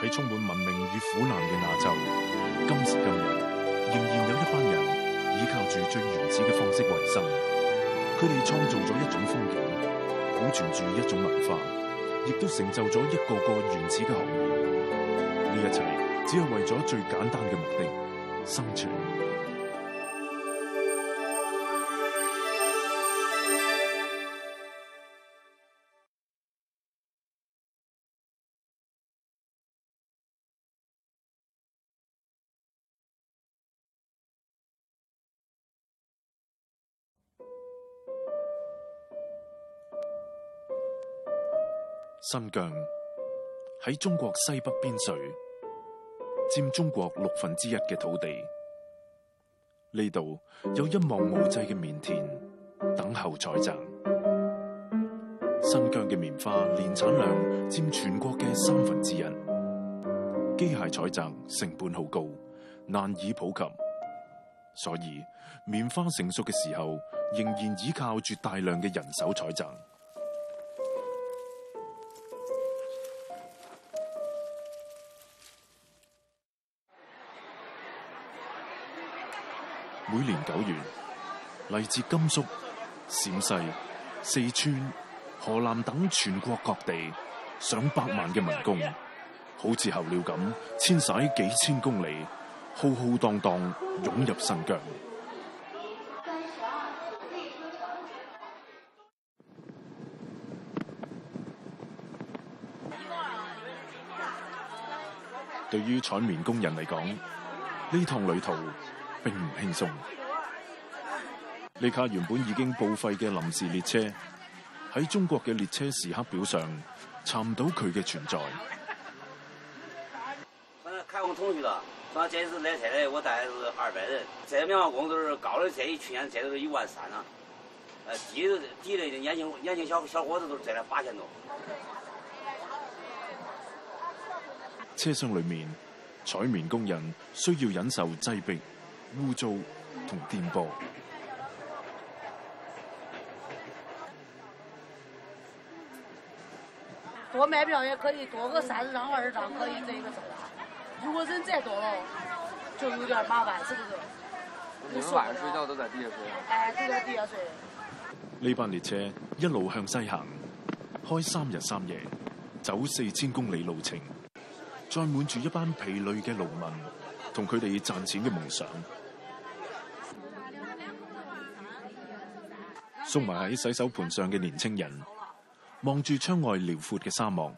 喺充滿文明與苦難嘅亞洲，今時今日仍然有一班人依靠住最原始嘅方式為生。佢哋創造咗一種風景，保存住一種文化，亦都成就咗一個個原始嘅行業。呢一切只係為咗最簡單嘅目的——生存。新疆喺中國西北邊陲，占中國六分之一嘅土地。呢度有一望無際嘅棉田，等候採摘。新疆嘅棉花年產量占全國嘅三分之一，機械採摘成本好高，難以普及。所以棉花成熟嘅時候，仍然依靠住大量嘅人手採摘。每年九月，嚟自甘肅、陝西、四川、河南等全國各地，上百萬嘅民工，好似候鳥咁遷徙幾千公里，浩浩蕩蕩，蕩湧入新疆。對於採棉工人嚟講，呢趟旅途，並唔輕鬆。呢卡原本已經報廢嘅臨時列車，喺中國嘅列車時刻表上，尋唔到佢嘅存在。反正開工同意啦，咱這一次來車咧，我帶咗是二百人，這些棉花工都是高嘅，這一去年掙都一萬三啦。呃，低的低的年輕年輕小小伙子都掙了八千多。車廂裏面，採棉工人需要忍受擠逼。污糟同電報，多買票也可以，多個三十張、二十張可以，這一個走啦。如果人再多咯，就有點麻煩，是不是？睡覺都在呢班列車一路向西行，開三日三夜，走四千公里路程，載滿住一班疲累嘅農民同佢哋賺錢嘅夢想。坐埋喺洗手盆上嘅年青人，望住窗外遼闊嘅沙漠，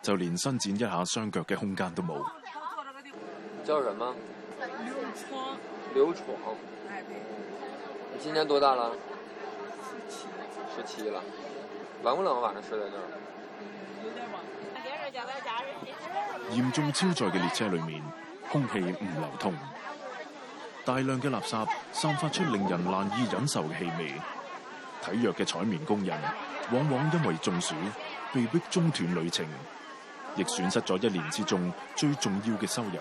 就連伸展一下雙腳嘅空間都冇。叫什麼？劉闖。劉闖。今年多大啦？十七。十七啦。冷唔冷啊？嚴重超載嘅列車裏面，空氣唔流通，大量嘅垃圾散發出令人難以忍受嘅氣味。體弱嘅採棉工人，往往因為中暑，被迫中斷旅程，亦損失咗一年之中最重要嘅收入。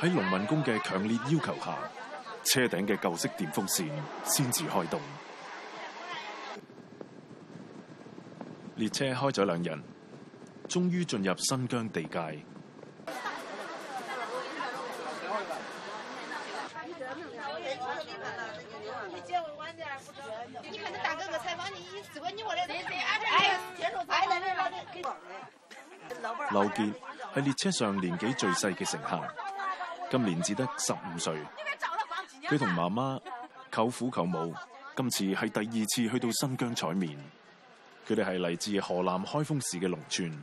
喺農民工嘅強烈要求下，車頂嘅舊式電風扇先至開動。列車開咗兩人，終於進入新疆地界。劉杰係列車上年紀最細嘅乘客。今年只得十五歲，佢同媽媽、舅父、舅母，今次係第二次去到新疆採棉，佢哋係嚟自河南開封市嘅農村。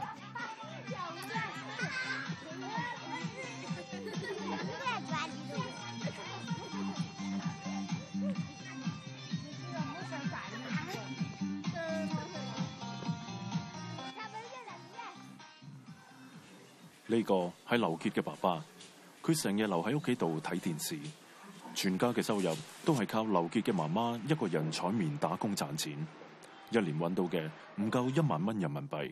呢、這個係劉傑嘅爸爸，佢成日留喺屋企度睇電視，全家嘅收入都係靠劉傑嘅媽媽一個人採棉打工賺錢，一年搵到嘅唔夠一萬蚊人民幣。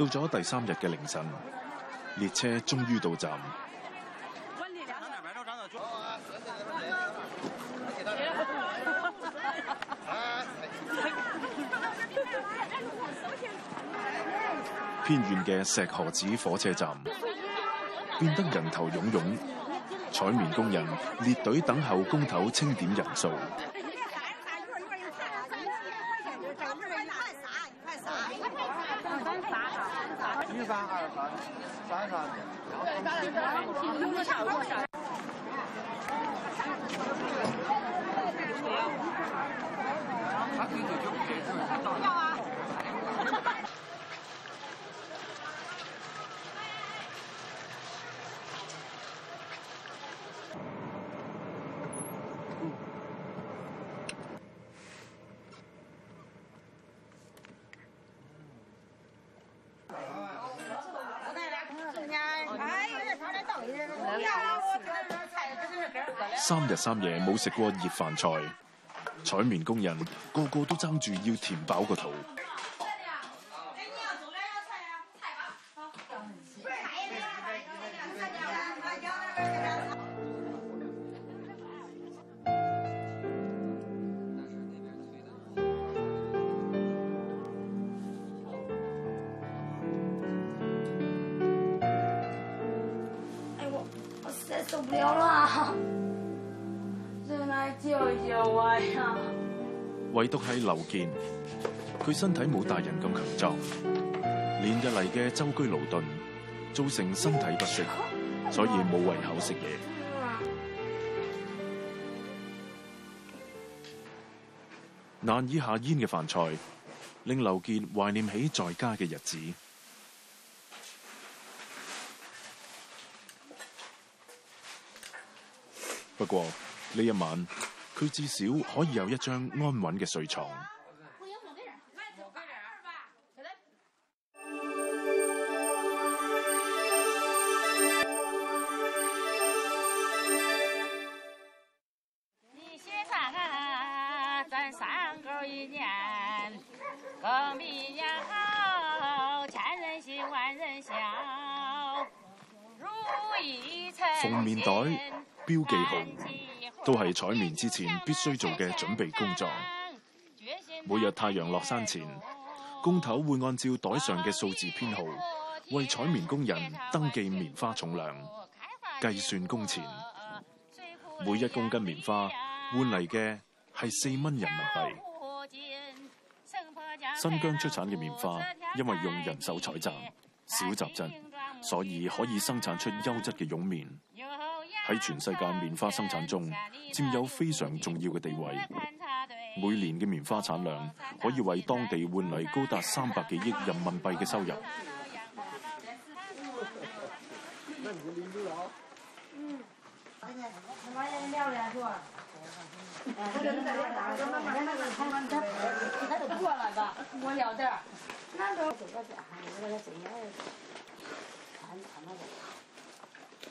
到咗第三日嘅凌晨，列車終於到站。偏遠嘅石河子火車站變得人頭湧湧，採棉工人列隊等候工頭清點人數。三日三夜冇食過熱飯菜，採棉工人個個都爭住要填飽個肚。哎呦，我受不了了！唯獨係劉杰，佢身體冇大人咁強壯，連日嚟嘅舟車勞頓造成身體不適，所以冇胃口食嘢，難以下咽嘅飯菜令劉杰懷念起在家嘅日子。不過，呢一晚，佢至少可以有一張安穩嘅睡床。鳳面袋、標記號都係採棉之前必須做嘅準備工作。每日太陽落山前，工頭會按照袋上嘅數字編號，為採棉工人登記棉花重量，計算工錢。每一公斤棉花換嚟嘅係四蚊人民幣。新疆出產嘅棉花，因為用人手採摘、少雜質，所以可以生產出優質嘅絨棉。喺全世界棉花生產中佔有非常重要嘅地位，每年嘅棉花產量可以為當地換嚟高達三百幾億人民幣嘅收入。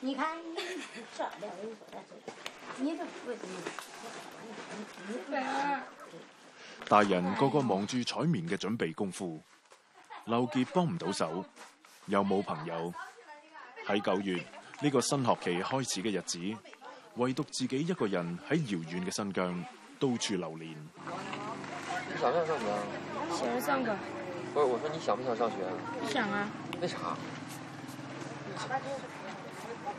你看大人個個忙住採棉嘅準備功夫。劉杰幫唔到手，又冇朋友在。喺九月呢個新學期開始嘅日子，唯獨自己一個人喺遙遠嘅新疆到處流連。你想上學上噶？不是，我說你想不想上學？想啊。為啥？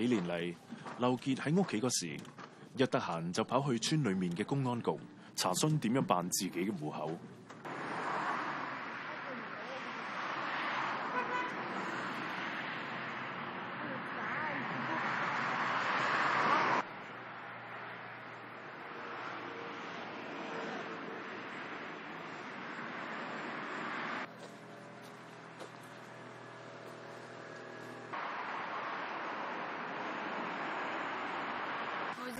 幾年嚟，劉杰喺屋企時，一得閒就跑去村裏面嘅公安局查詢點樣辦自己嘅戶口。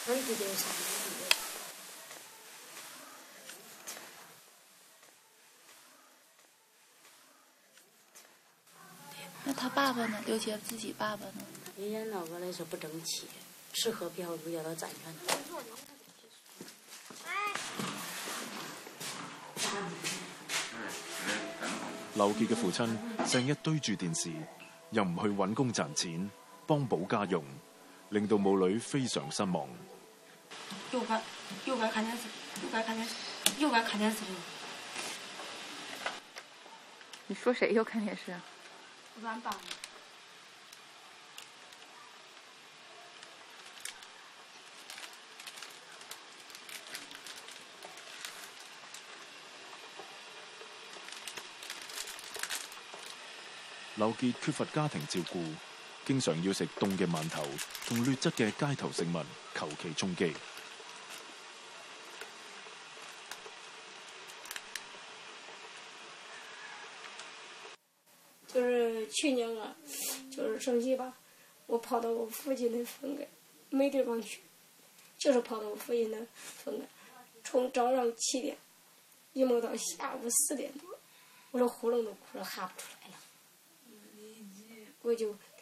唔係嘅，那他爸爸呢？劉杰自己爸爸呢？人家老婆來說不爭氣，吃喝嫖賭，要他賺錢。劉杰嘅父親成日堆住電視，又唔去搵工賺錢，幫補家用。令到母女非常失望又。又該又該看電視，又該看電視，又該看電視。你說誰又看電視啊？我亂講。劉杰缺乏家庭照顧。經常要食凍嘅饅頭同劣質嘅街頭食物，求其充飢。就是去年啊，就是春節吧，我跑到我父親的村嘅，沒地方去，就是跑到我父親的村嘅，從早上七點，一摸到下午四點多，我的喉嚨都哭喊不出來了，我就。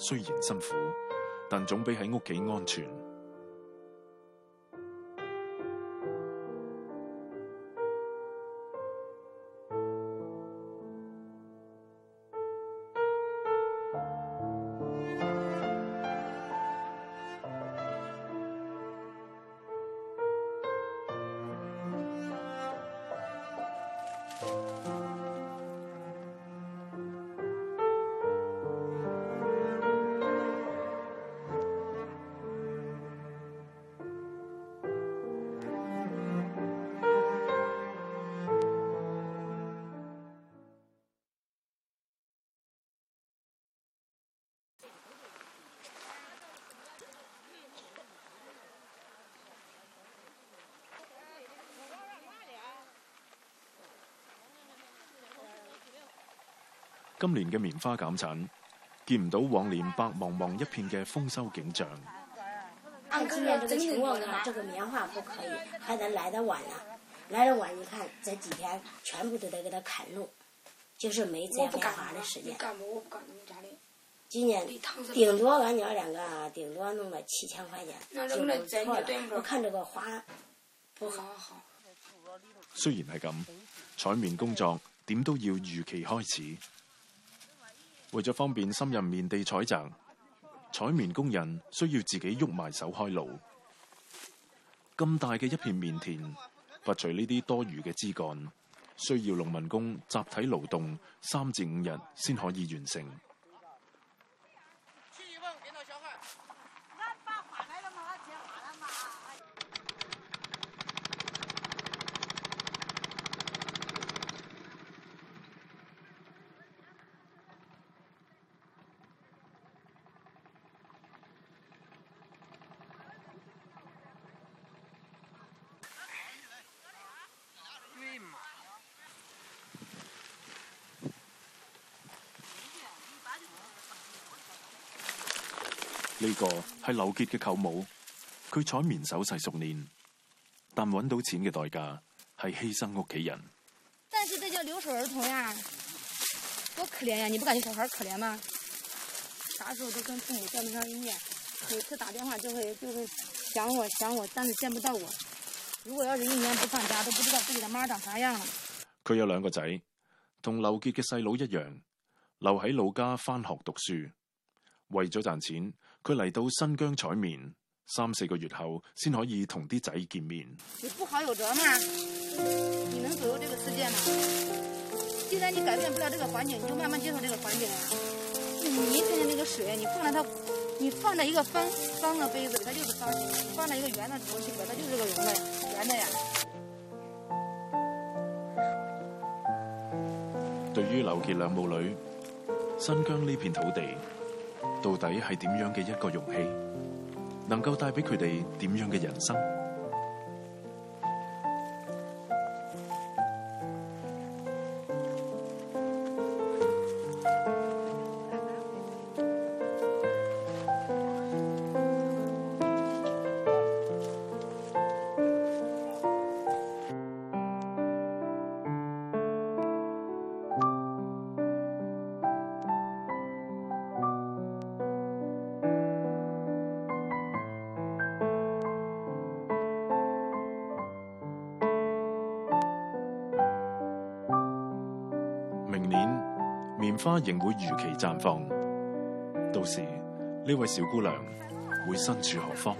雖然辛苦，但總比喺屋企安全。今年嘅棉花減產，見唔到往年白茫茫一片嘅豐收景象。按今年的情況這個棉花不可以，還得來得晚啦，來得晚，你看這幾天全部都得給他砍路就是沒摘棉花的時間。今年頂多俺女兩個，頂多弄咗七千塊錢，就不錯了。我看這個花，不好。好,好雖然係咁，採棉工作點都要如期開始。為咗方便深入棉地採摘，採棉工人需要自己喐埋手開路。咁大嘅一片棉田，拔除呢啲多餘嘅枝幹，需要農民工集體勞動三至五日先可以完成。呢、這個係劉杰嘅舅母，佢採棉手勢熟練，但揾到錢嘅代價係犧牲屋企人。但是，這叫留守兒童呀，多可憐呀、啊！你不感覺小孩可憐嗎？啥時候都跟父母見不上一面，每次打電話就會就會想我想我，但是見不到我。如果要是一年不放假，都不知道自己的媽長啥樣。佢有兩個仔，同劉杰嘅細佬一樣，留喺老家返學讀書，為咗賺錢。佢嚟到新疆採棉，三四個月後先可以同啲仔見面。你不好有德嗎？你能左右這個世界嗎？既然你改變不了這個環境，你就慢慢接受這個環境。你睇睇那個水，你放在它，你放在一個方、方的杯子裏，它就是方；放在一個圓的容器裏，它就是個圓的，圓的呀。對於劉杰兩母女，新疆呢片土地，到底係點樣嘅一個容器，能夠帶俾佢哋點樣嘅人生？花仍會如期綻放，到時呢位小姑娘會身處何方？